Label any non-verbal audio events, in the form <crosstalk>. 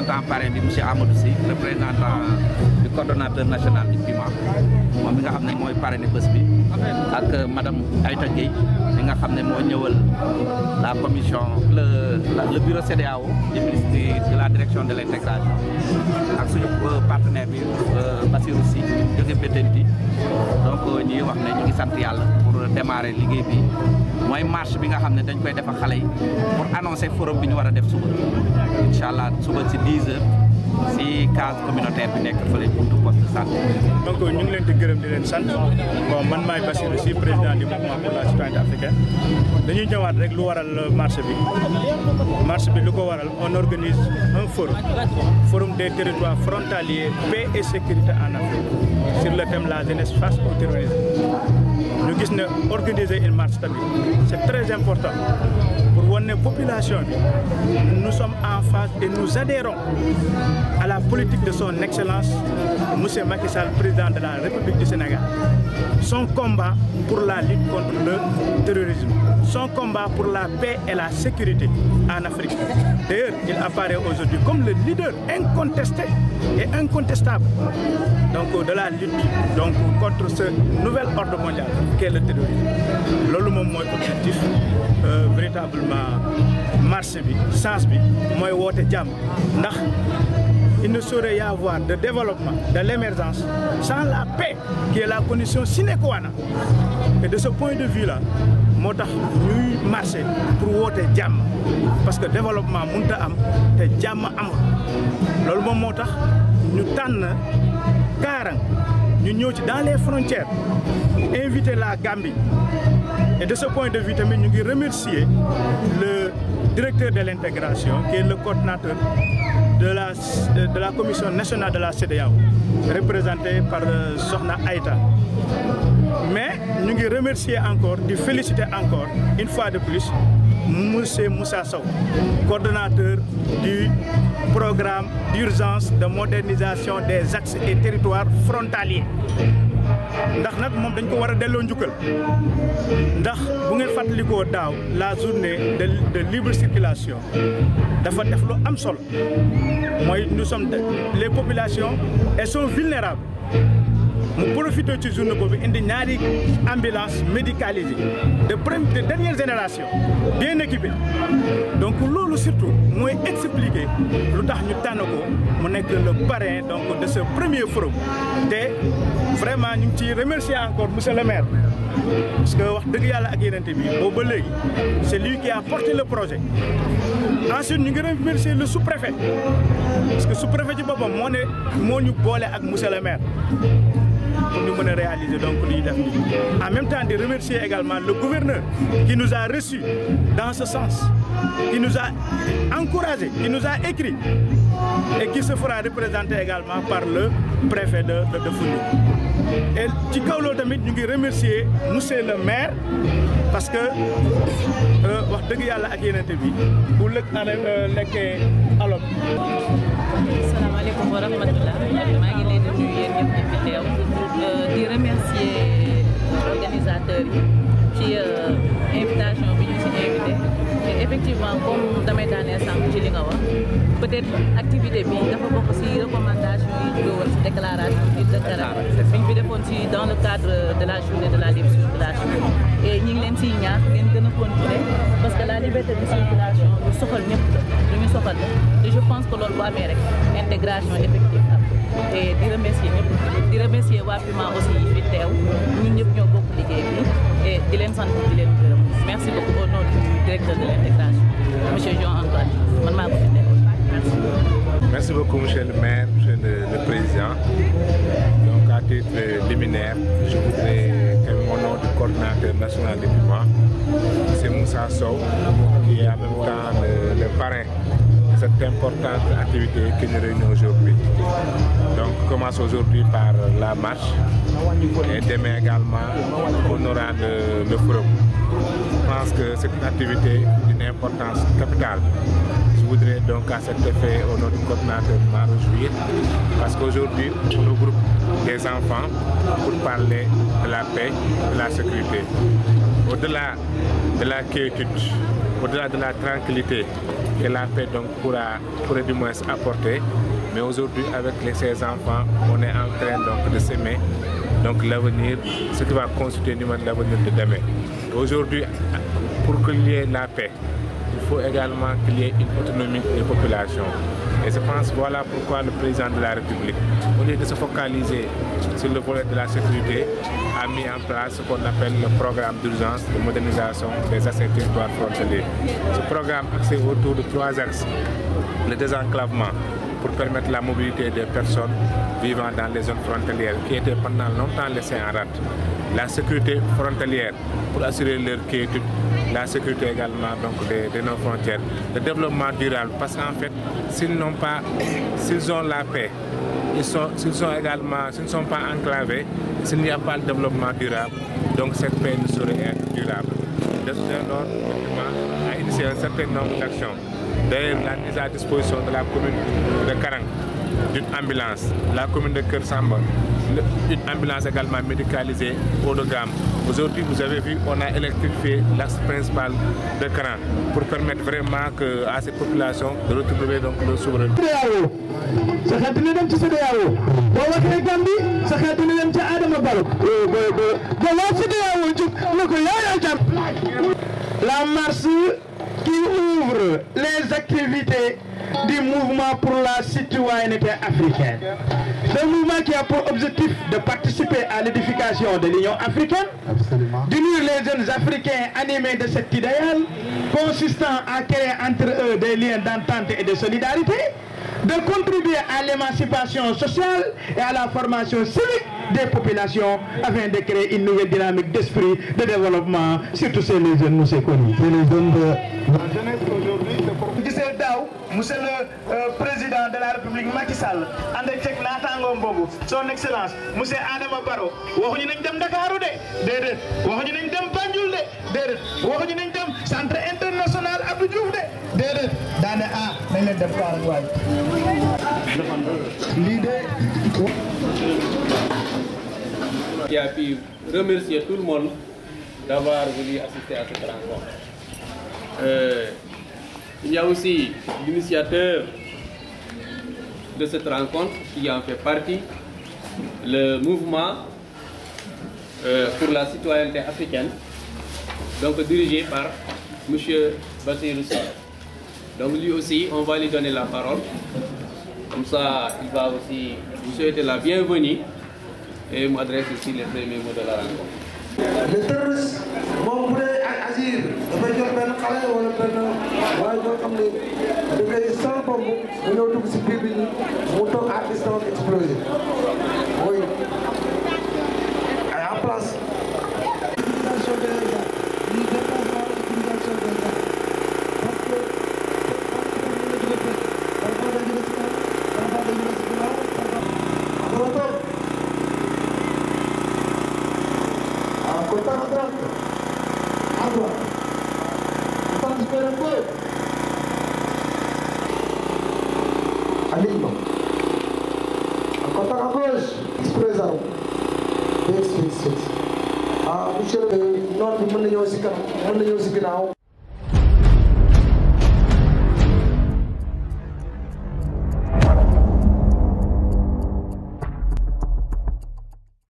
représentant parrain bi monsieur Amadou Sy représentant du coordonnateur national du PUMA moom mi nga xam ne mooy parrainé bés bi ak madame Aïta Gueye nga xam ne moo ñëwal la commission le le bureau CEDEAO du ministre de la direction de l' intégration ak suñu euh, partenaire bi euh, Bassirou Sy Bettenty donc euh, ñuy wax ne ñu ngi sant yàlla pour démarrer liggéey bi mooy marche bi nga xam ne dañ koy def ak xale yi pour annoncer forum bi ñu war a def suba incha allah suba si 10 heures. si case communautaire bi nekk fële buntu poste de santé. donc ñu ngi leen di gërëm di leen sant bon man maay Bassirou Sy président du mouvement pour la citoyenneté africaine dañuy ñëwaat rek lu waral marche bi marche bi lu ko waral on organise un forum forum des territoires frontaliers paix et sécurité en Afrique le thème la jeunesse face au terrorisme. gis ne organiser une marche tamit c'est très important pour wane ne population bi nu sommes en phase et nous adhérons à la politique de son excellence monsieur Macky Sall président de la République du Sénégal son combat pour la lutte contre le terrorisme, son combat pour la paix et la sécurité en Afrique. D'ailleurs, il apparaît aujourd'hui comme le leader incontesté et incontestable donc, de la lutte donc, contre ce nouvel ordre mondial qu'est le terrorisme. loolu moom mooy objectif euh, véritablement marché bi sens bi mooy woote jàmm ndax il ne saurait y avoir de développement, de l'émergence, sans la paix qui est la condition sine qua non. Et de ce point de vue-là, moo tax ñuy marché pour woote jàmm parce que développement mënut a am te jàmm am loolu moom moo tax ñu tànn Karang ñu ñëw ci dans les frontières invité la Gambie et de ce point de vue tamit ñu ngi remercier le directeur de l'intégration qui est le coordinateur de la, de la Commission nationale de la CEDEAO, représentée par euh, Sohna Aïta. Mais nous remercions encore, de féliciter encore, une fois de plus, M. Moussa Sow, coordonnateur du programme d'urgence de modernisation des axes et territoires frontaliers. ndax nag moom dañ ko war a delloo njukkal ndax bu ngeen fàttalikoo daaw la journée de de libre circulation dafa def lu am solo mooy nous sommes les populations elles sont vulnérables mu profité ci journée boobu indi ñaari ambulance médicalisée de première de dernière génération bien équipée donc loolu surtout mooy expliquer lu tax ñu tànn ko mu nekk le parrain donc de ce premier forum te vraiment ñu ngi ciy remercier encore monsieur le maire parce que wax dëgg yàlla ak yenente bi boobu ba léegi c'est lui qui porté le projet ensuite ñu ngi remercier le sous-préfet parce que sous-préfet ci boppam moo ne moo ñu boole ak monsieur le maire pour nous mener réaliser donc En même temps, de remercier également le gouverneur qui nous a reçus dans ce sens, qui nous a encouragés, qui nous a écrit et qui se fera représenter également par le préfet de, de, de Et ci tamit ñu ngi remercier monsieur le maire parce que dëgg yàlla ak yenente bi bu lëg ana lekkee euh, alom salaamaaleykum wa rahmatullah maa ngi leen di nuyu yéen ñëpp ñi fi teew euh, di remercier organisateurs yi ci euh, invitation bi ñu ci invité effectivement comme damay daanee sànq ci li nga wax peut-être activité bi dafa bokk ci recommandation yi jóge woon ci déclaration bi de Caracas bi ñu fi defoon ci dans le cadre de la journée de la liberté de la et eh, ñu ngi leen siy gën a continuer parce que la liberté de circulation lu soxal ñëpp lu ñu soxal la je pense que loolu bu amee rek intégration effective et di remercier ñëpp di remercier waa Puma aussi fi teew ñun ñëpp ñoo bokk liggéey bi et di leen sant di leen merci beaucoup au nom directeur de l' monsieur Jean-Antoine man maa ko fi nekk merci. merci beaucoup monsieur le maire monsieur le, président donc à titre liminaire je voudrais coordinateur national est en activité que nous réunissons commence aujourd'hui par la marche et demain également, on aura le, le forum. que c'est activité d'une importance capitale voudrais donc effet au nom coordinateur m'en réjouir parce qu'aujourd'hui on regroupe des enfants pour parler de la paix, de la sécurité. Au-delà de la quiétude, au-delà de la tranquillité que la paix donc pourra, du moins apporter, mais aujourd'hui avec ces enfants on est en train donc de s'aimer donc l'avenir, ce qui va constituer l'avenir de demain. Aujourd'hui, pour qu'il y ait la paix, il faut également qu'il y ait une autonomie des populations. Et je pense voilà pourquoi le président de la République, au lieu de se focaliser sur le volet de la sécurité, a mis en place ce qu'on appelle le programme d'urgence de modernisation des assets territoires frontaliers. Ce programme axé autour de trois axes. Le désenclavement pour permettre la mobilité des personnes vivant dans les zones frontalières qui étaient pendant longtemps laissées la sécurité également donc de, de frontières, le développement durable, parce qu'en fait, s'ils n'ont pas, <coughs> s'ils la paix, ils sont, s'ils sont également, s'ils ne sont pas enclavés, s'il n'y pas le développement durable, donc cette paix ne saurait être durable. D'ailleurs, la mise disposition de la commune de Karang d'une ambulance. La commune de Kersamba, une ambulance également médicalisée haut de gamme. Aujourd'hui, vous avez vu, on a électrifié l'axe principal de Cran pour permettre vraiment que, à cette population de retrouver donc le souverain. La marche qui ouvre les activités du mouvement pour la citoyenneté africaine. Ce mouvement qui a pour objectif de participer à l'édification de l'Union africaine, d'unir les jeunes africains animés de cet idéal, consistant à créer entre eux des liens d'entente et de solidarité, de contribuer à l'émancipation sociale et à la formation civique des populations afin de créer une nouvelle dynamique d'esprit de développement, surtout chez les jeunes, nous c'est connu. les jeunes de la jeunesse aujourd'hui taxaw monsieur le euh, président de la république Macky Sall ànd ak teg naataangoom boobu son excellence monsieur Adama Barrow waxuñu nañ dem Ndakaaru de déedéet waxuñu nañ dem Banjul de déedéet waxuñu nañ dem centre international Abdou Diouf de déedéet daane ah nañ leen def kaar waay lii de qui a pu tout le monde d'avoir voulu assister à cette rencontre. Euh, Il y a aussi l'initiateur de cette rencontre qui en fait partie, le mouvement euh, pour la citoyenneté africaine, donc dirigé par M. Bassir Donc lui aussi, on va lui donner la parole. Comme ça, il va aussi vous souhaiter la bienvenue et m'adresse ici les premiers mots de la rencontre. c'est-à-dire dafay jot benn xale wala benn waaye boo xam ne da ngay sol bomb mu ñëw dugg si biir bi mu toog à distance explosé courage présent wu. merci merci. ah monsieur le noor bi mën na ñëw si ginnaaw.